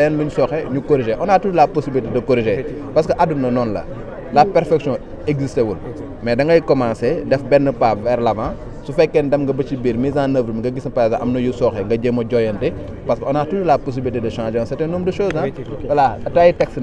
leen lu ñu ñu corriger on a toujours la possibilité de corriger parce que àdduna noonu la la perfection existé wul mais da ngay commencer def benn pas vers l'avant su fekkee ne dem nga ba ci mise en œuvre bi nga gis ne par exemple am na yu sooxe nga parce que on a toujours la possibilité de changer un certain nombre de choses Hein? voilà tey texte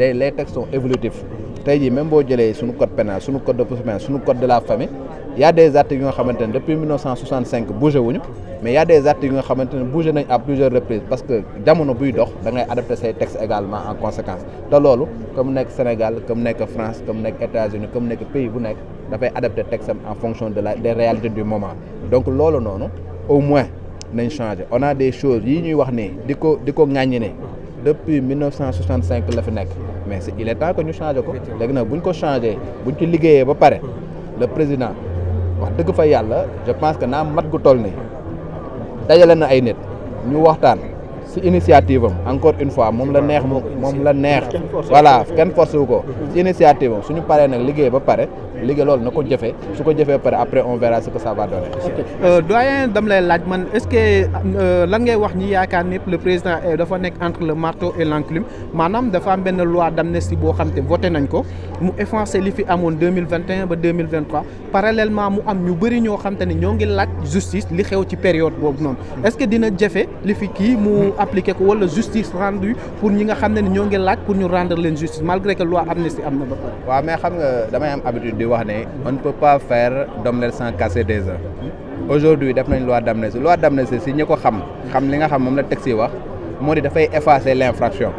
les textes sont évolutifs tey jii même boo jëlee suñu code pénal suñu code de procédure pénale suñu code de la famille il y a des articles qui, ont été depuis 1965 bougé Mais mais y a des articles qui ont à plusieurs reprises parce que dans mon but, da ngay adapté ces textes également en conséquence Donc, comme que Sénégal comme que France comme que États-Unis comme que pays bu n'êtes d'après adapté texte en fonction de la des réalités du moment donc loolu non, au moins nañ changé on a des choses qui ñuy wax depuis 1965 mais il est temps que nous changions. Si on nag buñ ko changé buñ ci le président wax dëgg fa yàlla je pense que naa mat gu toll nii dajale na ay nit ñu waxtaan si initiative am encore une fois moom la neex moom la neex voilà kenn forcé wu ko si initiative su ñu paree nag liggéey ba pare léegi loolu na ko jëfee su ko après on verra ce que ça va donner. ok euh, doyen dam lay laaj man est-ce que euh, lan ngay wax ni yaakaar ne le président dafa nek entre le marteau et l'enclume maanaam dafa am ben loi d'amnistie bo xam te voté nañ ko mu effacer li fi amoon deux ba 2023 parallèlement mu am ñu bëri ñoo xam te ñoo ngi laaj justice li xew ci période boobu non est-ce que dina jafe li fi kii mu appliquer ko wala justice rendue pour ñi nga xam ne ñoo ngi laaj pour ñu rendre leen justice malgré que loi amnistie am na ba pare. wa mais xam nga damay am habitude wax ne on ne peut pas faire d'omelette sans casser des œufs aujourd'hui def nañ loi d'amnésie loi d'amnésie si ñi ko xam xam li nga xam moom la texte yi wax moo di dafay effacer l'infraction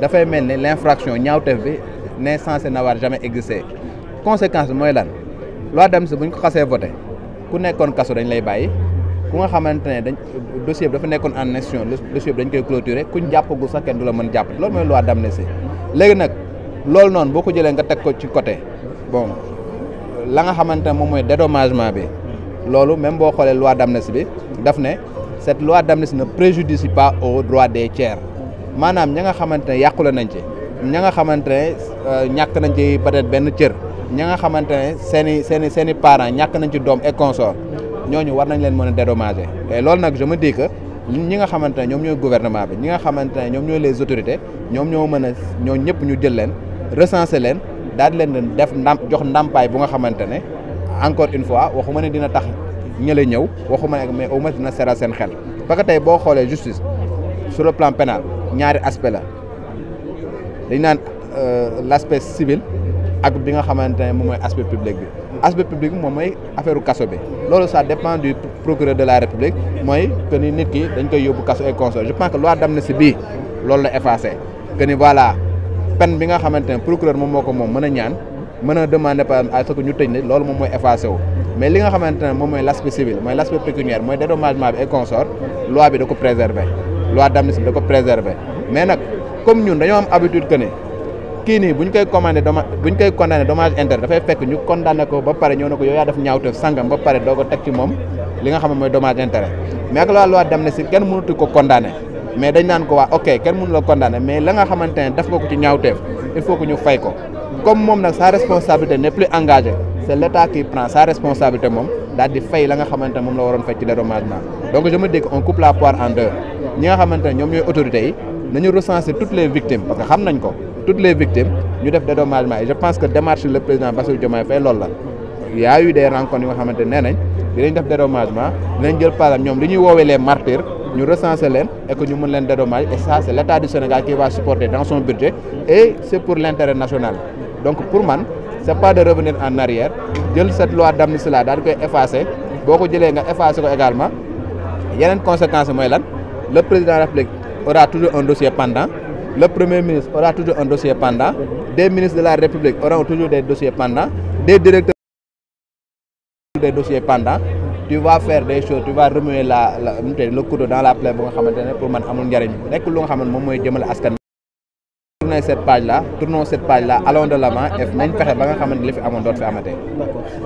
dafay mel ne l'infraction ñaawteef bi n'est censé n'avoir jamais existé conséquence bi mooy lan loi d'amnistie bu ñu ko xasee voté ku nekkoon kaso dañ lay bàyyi ku nga xamante dossier bi dafa nekkoon en nation dossier bi dañ koy clôturer kuñ jàppagul sax kenn du la mën jàpp loolu loi d'amnésie léegi nag loolu noonu boo ko jëlee nga teg ko ci côté bon la nga xamante ne moom dédommagement bi lolu même bo xolé loi d'amnistie bi daf né cette loi d'amnistie ne préjudicie pas aux droits des tiers manam ña nga xamante ne yàqule nañ ci ña nga xamante euh, ñak nañ ci peut-être ben cër ña nga xamante seni seni seni parents ñak nañ ci dom et consort ñooñu war nañ leen mëna dédommager te loolu je me dis que ñi nga xamante ñom ñoy gouvernement bi ñi nga xamante ñom ñoy les autorités ñom ñoo mëna ñoo ñëpp ñu jël leen recenser leen daal di leen def ndam jox ndàmpaay bu nga xamante ne encore une fois waxuma ne dina tax ñële ñëw waxuma ne mais au moins dina seral seen xel parce que tey boo xoolee justice sur le plan pénal ñaari aspect la dañ naan euh, l' aspect civil ak bi nga xamante ne moom mooy aspect public bi aspect public moom mooy affaire kaso bi loolu sa dépend du procureur de la république mooy que ni nit ki dañ koy yóbbu kaso et conso je pense que loi d'amnistie bii loolu la effacé que voilà peine bi nga xamante ne procureur moom moo ko moom mën a ñaan mën a demander par à ce que ñu tëj ne loolu moom mooy effacé wu mais li nga xamante ne moom mooy l' aspect civil mooy l' aspect pécuniaire mooy dédommagement bi et consort loi bi da ko préserver loi d' amnistie bi da ko préserver mais nag comme ñun dañoo am habitude kii nii bu ñu koy commandé doma bu ñu koy condamné dommage intérêt dafay fekk ñu condamné ko ba pare ñëw na yow yaa def ñaawteef sangam ba pare doo ko teg ci nga xam ne mooy dommage intérêt mais ak la mais dañ nan ko wa ok kenn mënu la condamné mais la nga xamante ne def nga ko ci ñaawteef il faut que ñu fay ko comme moom nag sa responsabilité n'est plus engagée c' est l' état qui prend sa responsabilité moom daal di fay la nga xamante ne moom la waroon fay ci dédommagement donc je me dis que on coupe la poire en deux ñi nga xamante ne ñoom ñooy autorités yi nañu recenser toutes les victimes parce que xam nañ ko toutes les victimes ñu def dédommagement et je pense que démarche le président Bassirou Diomaye fay loolu la il y a eu des rencontres yu nga xamante ne nee nañ dinañ def dédommagement dinañ jël par exemple ñoom li ñuy woowee les martyrs nous recenser leen et que nous mën des dommages et ça c'est l'État du Sénégal qui va supporter dans son budget et c'est pour l'intérêt national donc pour moi, ce n'est pas de revenir en arrière cette loi damnistie là daal effacée, beaucoup effacer boo ko également. conséquence le président de la République aura toujours un dossier pendant le premier ministre aura toujours un dossier pendant des ministres de la République auront toujours des dossiers pendant des directeurs des dossiers pendant tu vas faire des choses tu vas remuer la le couteau dans la plaie pour nga pour man amul aies nekk lu nga xam ne moom askan tournons cette page là tournons cette page là allons de l'avant et nañ fexe un nga de li fi amoon doot fi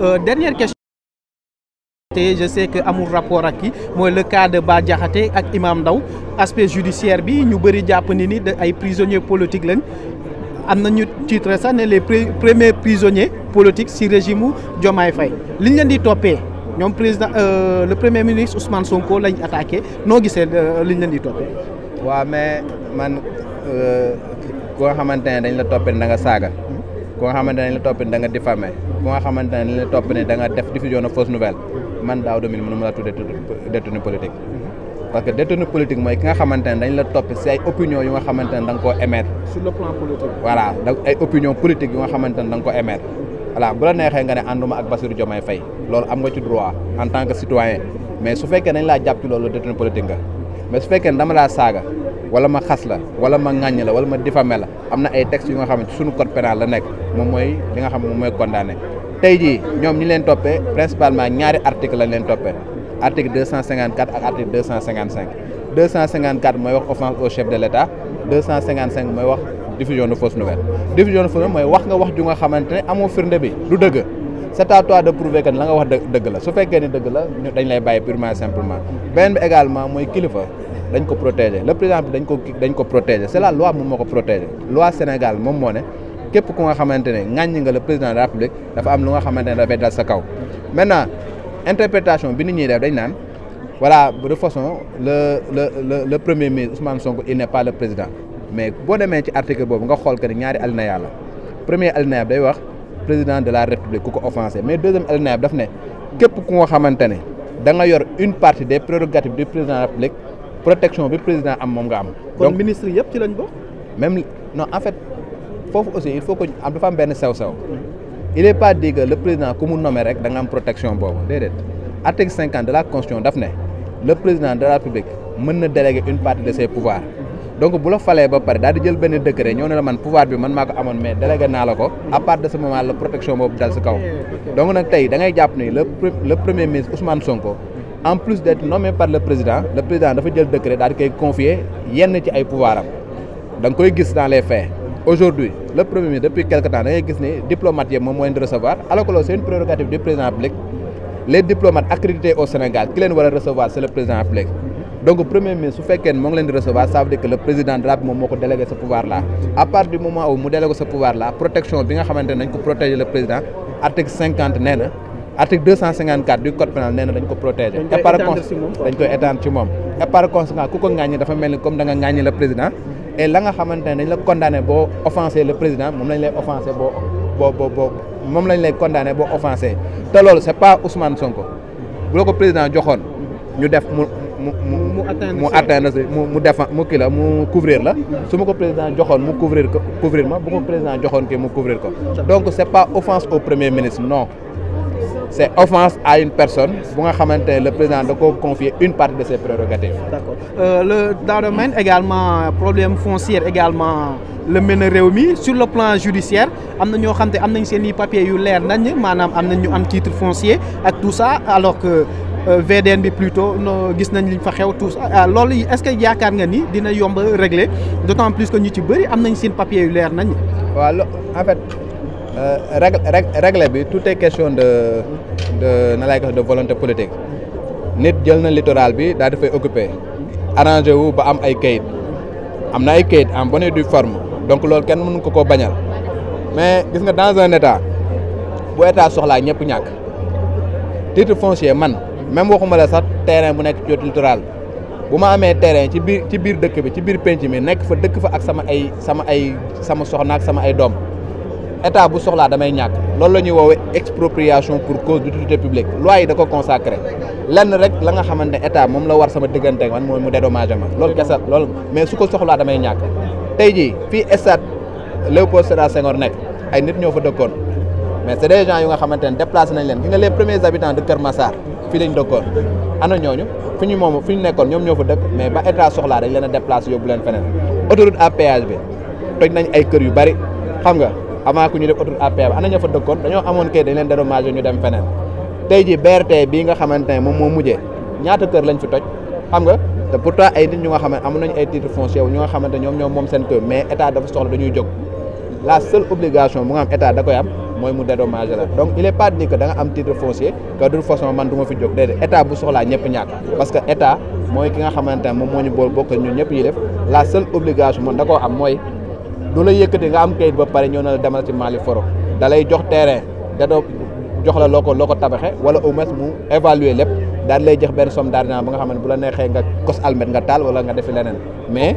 euh, dernière question. je sais que Amour rapport ak qui, le cas de Bah et ak Imam Daou, aspect judiciaire bi ñu bëri jàpp ni ni ay prisonniers politiques lañ am nañu titre ça, les premiers prisonniers politiques si régime Diomaye Faye liñ leen di topé, ñom président euh le premier ministre Ousmane Sonko lañ attaqué no gissé euh, liñ leen di topé wa mais man euh ko xamantene dañ la topé da nga saga ko xamantene dañ la topé da nga diffamé. ko xamantene dañ la topé ne da nga def diffusion de fausse nouvelle man Daouda 2000 mënu la tudé détenu politique. parce que détenu politique moy ki nga xamantene dañ la topé ci ay opinion yu nga xamantene ne da nga koo émettre. sur le plan politique. voilà da ay opinion politique yu nga xamantene ne da nga ko émettre. voilà bu la neexee nga ne ànduma ak Bassirou Diomaye Faye loolu am nga ci droit en tant que citoyen mais su fekkee dañ laa jàpp ci loolu détenu politique nga mais su fekkee ne dama laa saaga wala ma xas la wala ma ŋàññ la wala ma diffamé la am na ay textes yu nga xam ne ci suñu code la nekk moom mooy li nga xam ne moom mooy condamné tey jii ñoom ñi leen toppee principalement ñaari article lañ leen toppee article 254 ak article 255 254 mooy wax offense au chef de l' état 255 mooy wax diffusion de fausse nouvelle diffusion de fausses nouvelles c'est wax nga wax ju nga xamante ne amoo firnde bi du dëgg c'est à toi de prouver que la nga wax dëgg la su fekkee ni dëgg la dañ lay bàyyi purement simplement beneen bi également mooy kilifa dañ ko protéger le président bi dañ ko dañ ko protéger c'est la loi moom moo ko protéger loi Sénégal moom moo ne képp ku nga xamante ne nga le président de la République dafa am lu nga xamante ne dafay sa kaw maintenant interprétation bi nit ñuy def dañ voilà de façon le le le le premier ministre Ousmane Sonko il n'est pas le président mais vous avez ci article vous nga que ni ñaari premier alinéa le président de la république qui ko offensé mais deuxième alinéa daf ne képp ku nga une partie des prérogatives du président de la république protection du président am donc ministre yëpp ci lañ même non en fait aussi il faut que am dafa am sew-sew il n'est pas dit que le président commun nommé rek protection L'article 50 de la constitution le président de la république peut déléguer une partie de ses pouvoirs donc bu la falee ba pare daal di jël ben décret ñoo né la man pouvoir bi man mako amone mais délégué na la ko à partir de ce moment la protection boobu dal si kaw donc on tay da ngay japp ni le premier ministre Ousmane Sonko en plus d'être nommé par le président le président dafa jël décret dal kay confier yenn ci ay pouvoir Donc, il existe koy gis dans les faits aujourd'hui le premier ministre depuis quelques temps da ngay gis ni diplomate mom moom de recevoir alors que c'est une prérogative du président de les diplomates accrédités au Sénégal qui les war recevoir c'est le président de donc premier ministre su qu'il manque de ngi recevoir ça veut dire que le président de la République moom délégué ce pouvoir là à partir du moment où mu délégué ce pouvoir là protection bi nga xamante ne ko protéger le président article 50 nena, article 254 du code pénal nee dañ ko protéger et par conséquent dañ koy et par conséquent ku ko ŋàññi dafa mel comme da nga le président et la nga xamante dañ le condamné pour offenser le président moom lañ lay offensé bo bo bo, boo lañ lay condamné boo offensé te c'est pas Ousmane Sonko bu la ko président joxoon ñu def mu mu mu mu atteindre si mu mu mu couvrir ko président joxoon mu couvrir couvrir je bu ko président joxoon kii mu couvrir ko donc c'est pas offense au premier ministre non c'est offense à une personne bu nga le président da confier une partie de ses prérogatives. d'accord euh, le dans le domaine également problème foncier également le mën a sur le plan judiciaire am na ñoo xam papiers yu leer nañ maanaam am ñu titre foncier ak tout ça alors que. Euh, VDN bi plutôt no gis tous ah, est-ce que yakar nga ni dina régler d'autant plus que ñu ci bëri am nañ seen papier yu en fait euh, tout est question de de de volonté politique nit jël littoral bi da occupé arranger wu ba am ay kayit am na ay kayit am bonne du forme donc loolu kenn mënu ko bañal mais gis nga dans un état bu état titre foncier man. même waxuma la sax terrain bu nekk ci côté bu ma amee terrain ci biir ci biir dëkk bi ci biir penc mi nekk fa dëkk fa ak sama ay sama ay sama soxna ak sama ay doom état bu soxlaa damay ñàkk loolu la ñuy woowee expropriation pour cause d'utilité publique loi yi da ko consacré lenn rek la nga xamante ne moom la war sama diggante man mooy mu dédommagé ma loolu kese lool mais su ko soxlaa damay ñàkk tey jii fii stade Léopold Sédar Senghor nekk ay nit ñoo fa dëkkoon mais c'est des gens yu nga xamante fii lañ dëkkoon ana ñooñu fi ñu moom fi ñu nekkoon ñoom ñoo fa dëkk mais ba état soxlaa dañ leen a déplacé leen feneen autoroute à péage bi nañ ay kër yu bari xam nga avant que ñu def autoroute à péage bi ana dañoo amoon kay dañ leen ñu dem feneen tey ji BRT nga xamante ne moom moo mujjee ñaata kër lañ fi toj xam nga te pourtant ay xam ne amoon nañu ay titre foncier ñu nga xamante ñoom moom seen kër état dafa soxla dañuy jóg la seule obligation mu nga am état da koy am moy mu dédommagé la donc il est pas dit que da nga am titre foncier que de toute façon man du fi jóg déedéet état bu soxla ñepp ñak parce que état moy ki nga xamante mom moñu bol bokk ñun ñepp yi def la seule obligation mon da koo am moy do la yëkkati nga am kayit ba paré ñoo na la demal ci Mali foro da lay jox terrain da do jox la loko loko tabaxé wala au moins mu évaluer lépp daal lay jox ben somme d'argent ba nga xam ne bu la neexee nga cos almet nga tal wala nga defi lenen mais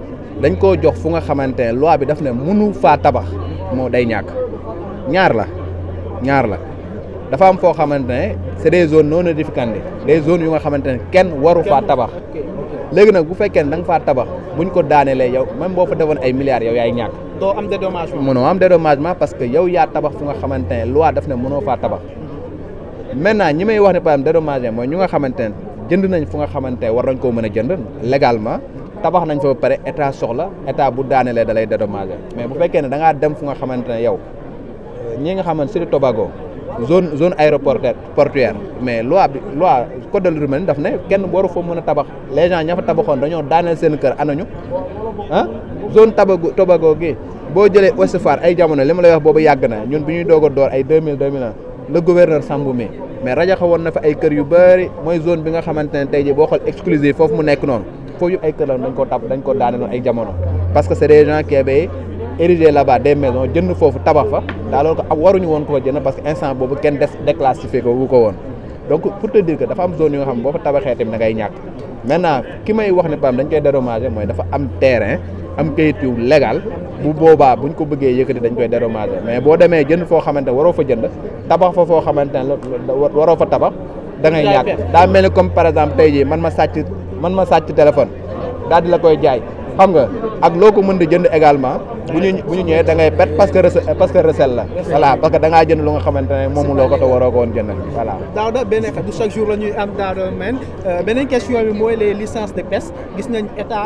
dañ koo jox fu nga xamante ne loi bi daf ne mënu faa tabax moo day ñàkk ñaar la ñaar la dafa am foo xamante ne c'est des zones non aedificandi des zones yu nga xamante ne kenn waru faa tabax léegi nag bu fekkee ne da faa tabax buñ ko daanelee yow même boo fa defoon ay milliards yow yaay ñàkk doo am dédommagement mënoo am dédommagement parce que yow yaa tabax fu nga xamante ne loi daf ne mënoo faa tabax maintenant ñi may wax ne par exemple dédommagement mooy ñu nga xamante ne jënd nañ fu nga xamante ne war nañ koo mën a jënd légalement tabax nañ fa ba pare état soxla état bu daanelee da lay dédommagé mais bu fekkee ne da ngaa dem fu nga xamante ne yow ñi nga xamante surtout tobagoo zone zone aéroportuaire portuaire mais loi bi loi code de l'urbanisme ne kenn waru fa mën a tabax les gens ña fa tabaxoon dañoo daaneel seen kër anañu ah zone Tobago Tobago gi boo jëlee Ouest Foire ay jamono li ma la wax boobu yàgg na ñun bu ñuy doog a door ay 2000 2001 le gouverneur Sambou mi mais rajaxe woon na fa ay kër yu bëri mooy zone bi nga xamante ne tey jii boo xool exclusive foofu mu nekk noonu foofu yëpp ay kër la dañ ko tap dañ ko daaneeloon ay jamono parce que c'est des gens qui avaient érigé là-bas des maisons jënd foofu tabax fa daa loolu ko waruñu woon ko jënd parce que instant boobu kenn déclassifié ko wu ko woon donc pour te dire dafa am zone yoo xam ne boo fa tabaxee tamit da ñàkk maintenant ki may wax ne pam dañ koy dédommagé mooy dafa am terrain am kayit yu légal bu boobaa buñ ko bëggee yëkkati dañ koy dédommagé mais boo demee jënd foo xamante ne waroo fa jënd tabax fa foo xamante ne waroo fa tabax da ngay ñàkk daa mel ni man ma sàcc téléphone daal di la koy jaay xam nga ak loo ko mën di jënd également bu ñu bu ñu ñëwee da ngay pet parce que parce la voilà parce que da jënd lu nga xamante ne moomu loo ko te waroo ko woon jënd voilà Daouda benn du chaque jour la am Daouda men euh, beneen question bi mooy les licences de pêche gis nañ état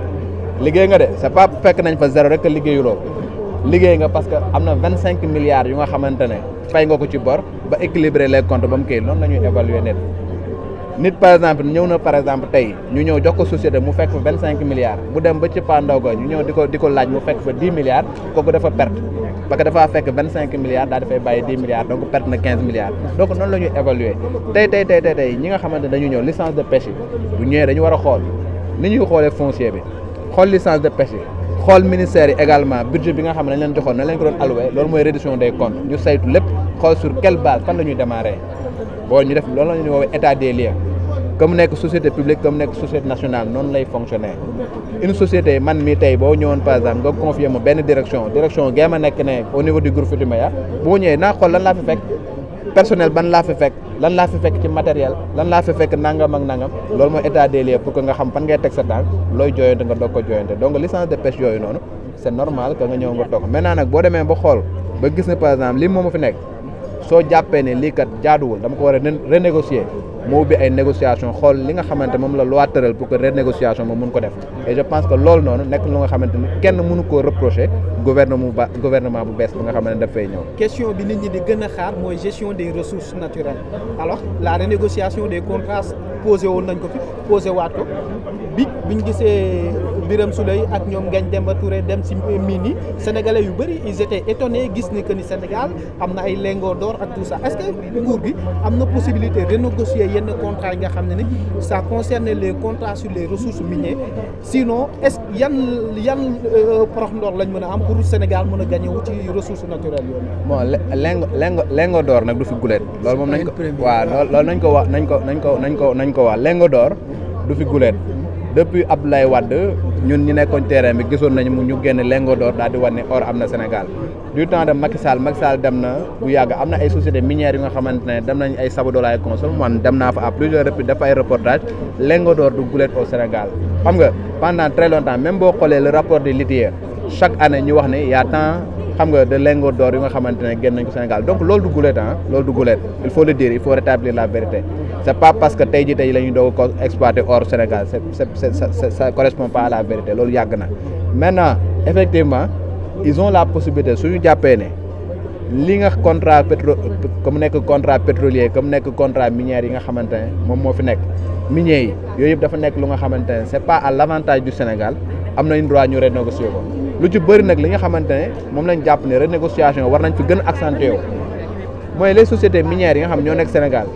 liggéey nga de c'est pas fekk nañ fa zéro rek liggéeyuloo liggéey nga parce que am na vingt cinq milliards yu nga xamante ne fay nga ko ci bor ba équilibrer les comptes ba mu kii noonu la ñuy évaluer nit par exemple ñëw na par exemple tey ñu ñëw jox ko société mu fekk fa vingt cinq milliards bu dem ba ci pandaw ga ñu ñëw di ko di ko laaj mu fekk fa dix milliards kooku dafa perte parce que dafaa fekk vingt cinq milliards daa dafay bàyyi milliards donc perte na milliards donc noonu la xoolee foncier bi xool licence de pêche yi ministère également budget bi nga xam ne dañ leen joxoon na leen ko doon réduction des comptes ñu saytu lépp xool sur quelle base fan la démarrer Bon, ñu def loolu la ñuy état des lieux comme une société publique comme une société nationale non lay fonctionner une société man mii bon, boo ñëwoon par exemple nga confier bonne direction direction gee ma au niveau du groupe Futurs Bon, y a, naa xool lan laa fi fekk. personnel ban laa fi fekk lan laa fi fekk ci matériel lan laa fi fekk nangam ak nangam loolu mooy état des lieux pour que nga xam fan ngay teg sa tànk looy jooyante nga doog ko jooyante donc licence de pêche yooyu noonu c'est normal que nga ñëw nga toog maintenant nag boo demee ba xool ba gis ne par exemple lii moom a fi nekk soo jàppee ne lii kat jaaduwul dama ko war a renégocier moo ubbi ay négociation xool li nga xamante mom la loi tëral pour que renégociation mom mun ko def et je pense que lool nonou nek lu nga xamante ni kenn mënu ko reprocher gouvernement gouvernement bu bess bi nga xamante daf fay question bi nit ñi di gëna xaar moy gestion des ressources naturelles alors la renégociation des contrats posé won nañ ko fi posé wat ko bi biñ gisee Birame Souleye ak ñoom Ngagne Demba Touré dem ci mini sénégalais yu bari ils étaient étonnés gis ni que ni Sénégal amna ay lingots d'or ak tout ça est-ce que nguur bi amna possibilité renégocier yenn contrat yi nga xam ne ni ça concerne les contrats sur les ressources minières sinon est-ce yan yan euh, prox ndoor lañ mën a am pour Sénégal mën a gagné wu ci ressources naturelles yooyu. bon lengo lengo lengo d'or nag du fi guléet. loolu moom nañ ko waaw loolu nañ ko wax nañ ko nañ ko nañ ko nañ ko wax lengo d'or du fi guléet depuis Abdoulaye Wade ñun ñi nekkoon terrain bi gisoon nañ mu ñu génn lingot d'or daal di wan ne or am na Sénégal du temps de Macky Sall Macky Sall dem na bu yàgg am na ay société minières yu nga xamante ne dem nañ ay Sabodala ak Consol man dem naa fa à plusieurs reprises dafa ay reportage lingot d'or du gulet au Sénégal xam nga pendant très longtemps même boo xoolee le rapport des litières chaque année ñu wax ne y a tant xam nga de lingot d'or yu nga xamante ne génn nañ ko Sénégal donc loolu du gulet ah loolu du gulet il faut le dire il faut rétablir la vérité c'est pas parce que tey ji tey la ñuy doog ko exploiter hors Sénégal c'est ça correspond pas à la vérité lolou yagna maintenant effectivement ils ont la possibilité suñu jappé né li nga contrat pétro comme nek contrat pétrolier comme nek contrat minière yi nga xamante mom moom moo fi nekk minier yi yooyu dafa nek lu nga xamante c'est pas à l'avantage du Sénégal amna une droit ñu renégocier ko lu ci bëri nak li nga xamante mom lañu japp né ne renégociation war nañ fi gën accentuer wu les sociétés minières yi nga xam ñoo nek Sénégal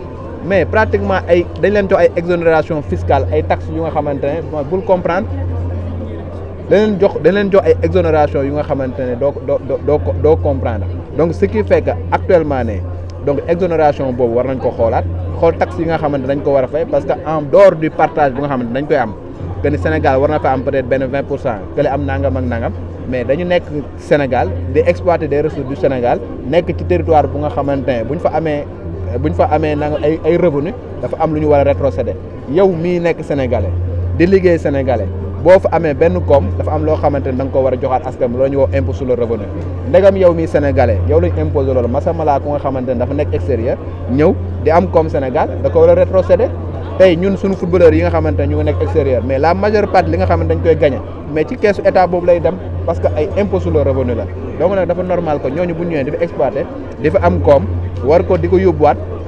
mais pratiquement ay dañ leen jox ay exonération fiscale ay taxes yu nga xamante ne mooy bul comprendre dañ leen jox dañ leen jox ay exonération yu nga xamante ne doo doo doo doo comprendre donc ce qui fait que actuellement ne donc exonération boobu war nañ ko xoolaat xool taxes yi nga xamante dañ ko war a fay parce que en dehors du partage bu nga xamante dañ koy am que ni Sénégal war na fa am peut-être benn 20 pour cent que li am nangam ak nangam mais dañu nekk Sénégal di exploiter des ressources du Sénégal nekk ci territoire bu nga xamante ne bu ñu fa amee buñ fa amé na ay ay revenu dafa am luñu ñu rétrocéder yow mi nek sénégalais di liggéey sénégalais bo fa amé benn koom dafa am lo xamante ne da nga ko wara joxat askam lo bi ñu woo impôt sur le revenu ndegam yow mi sénégalais yow lañu imposé loolu mala ku nga xamante dafa nek extérieur ñew di am koom Sénégal da ko wara rétrocéder tay ñun suñu footballeur yi nga xamante ñu nek extérieur mais la majeure partie li nga xamante dañ koy gagner mais ci caisse état bobu lay dem parce que ay impôt sur le revenu la donc nag dafa normal que ñooñu bu ñu ñëwee di fa exploité di fa am koom war ko di ko yóbbuwaat.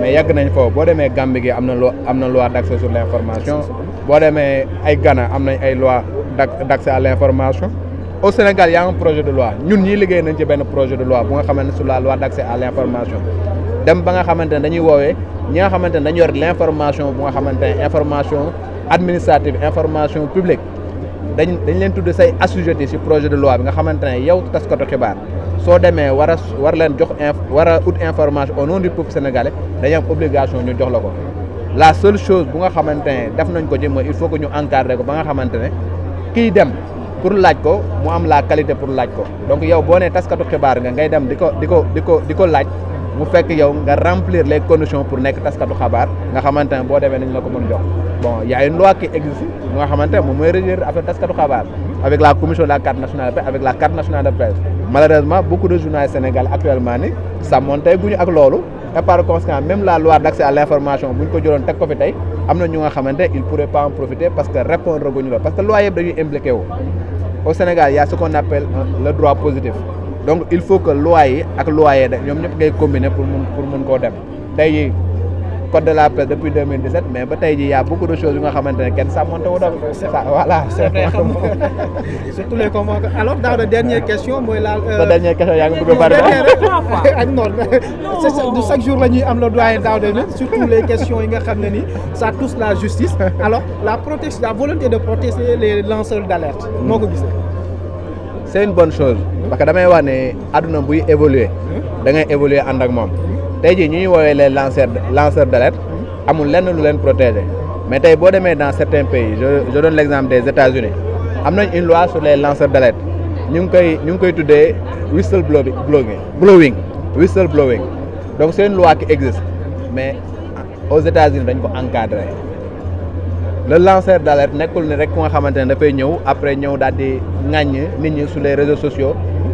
mais yàgg nañ fo bo démé Gambie gi amna na loi am loi accès sur l'information. bo démé ay gana amna ay loi d'accès à l'information. au Sénégal il y a un projet de loi ñun ñi liggéey nañ ci benn projet de loi bu nga xamante sur la loi d'accès à l'information. dem ba nga xamante dañuy wowe ñi nga xamante ne yor l'information information bu nga xamante information administrative information publique dañ dañ leen tudd say assujetti ci projet de loi bi nga xamante ne yow taskatu xibaar soo demee war a war leen jox war a information au nom du peuple sénégalais dañu am obligation ñu jox la la seule chose bu nga xamante ne def nañ ko ci il faut que ñu encadrer ko ba nga xamante ne kiy dem pour laaj ko mu am la qualité pour laaj ko donc yow boo nee taskatu xibaar nga ngay dem di ko di ko di ko di ko laaj mu fekk yow nga remplir les conditions pour nekk taskatu xabaar nga xamante ne boo demee nañ la ko mën jox bon y a une loi qui existe bu nga xamante ne moom mooy régir affaire taskatu xabaar avec la commission de la carte nationale avec la carte nationale de presse malheureusement beaucoup de journalistes sénégalais actuellement ça monte guñu ak et par conséquent même la loi d'accès à l'information ils ne pourraient pas en profiter parce que répondre au parce que loi est dañuy impliqué au Sénégal il y a ce qu'on appelle le droit positif donc il faut que loi yi la loi yi ñoom pour mun pour mun code de la presse depuis 2017 mais ba tay ji ya beaucoup de choses yu nga xamante ken kenn sàmmante wu doon. ça voilà c'est surtout les convois alors dans la dernière question la euh, la dernière question ya nga bëgg a bari. ak noonu du chaque jour la ñuy am le doyen de ñun surtout les questions yi nga xamné ni ça touche la justice alors la protection la volonté de protéger les lanceurs d'alerte moko moo c'est une bonne chose. parce que damay wane aduna àdduna buy évoluer hmm? da ngay évoluer and ak moom les lanceurs d'alerte amul lenn lu protéger mais dans certains pays je donne l'exemple des États-Unis y a une loi sur les lanceurs d'alerte Nous avons koy ñu donc c'est une loi qui existe mais aux États-Unis ils ko encadrer le lanceur d'alerte n'est ni rek seul après ñëw daal di sur les réseaux sociaux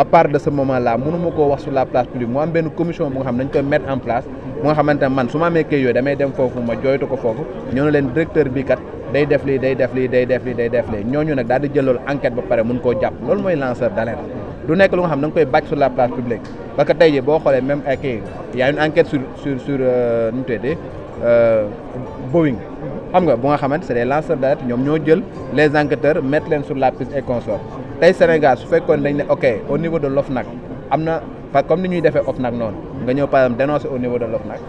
à part de ce moment là mënuma koo wax sur la place publique moi am benn commission bu nga xam dañ koy mettre en place moi nga xamante ne man su ma amee kay yooyu damay dem foofu ma jooytu ko foofu ñoo ne directeur bi kat day def li day def li day def li day def ñoo ñu nak daal di jël loolu enquête ba paré mun ko japp lool moy lanceur d'alerte du nek lu nga xam dañ koy bac sur la place publique parce que tey jii boo xoolee même ak Il y a une enquête sur sur sur euh, mu euh, Boeing xam nga bu nga xamant c'est des lanceurs d'alerte ñom ñoo jël les enquêteurs mettre len sur la piste et consorts tay Sénégal su fekkoon dañ né ok au niveau de l'OFNAC amna na comme ni ñuy défé OFNAC non nga ñëw par exemple dénoncer au niveau de l'OFNAC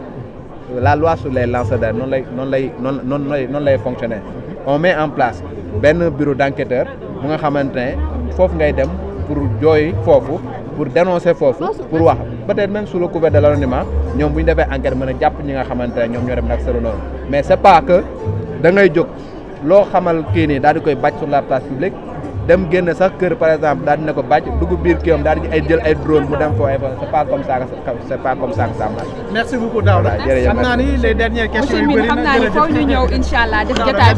la loi sur les lanceurs d'alerte non lay non lay non non non lay fonctionner on met en place ben bureau d'enquêteur bu nga xamante fofu ngay dem pour joy fofu pour dénoncer fofu pour wax peut-être même sous le couvert de l'anonymat ñom bu ñu defee enquête mëna japp ñi nga xamante ñom ñoom ñoo dem nak selu loolu mais c'est pas que da ngay jóg lo xamal kii nii daal di koy bàcc sur la place publique dem génn sax kër par exemple daal dina ko bàcc dugg biir kii am daal di ay jël ay drone mu dem foofu ay fa c'est pas comme c'est pas comme ça que xam naa ni foofu ñu ñëw incha allah def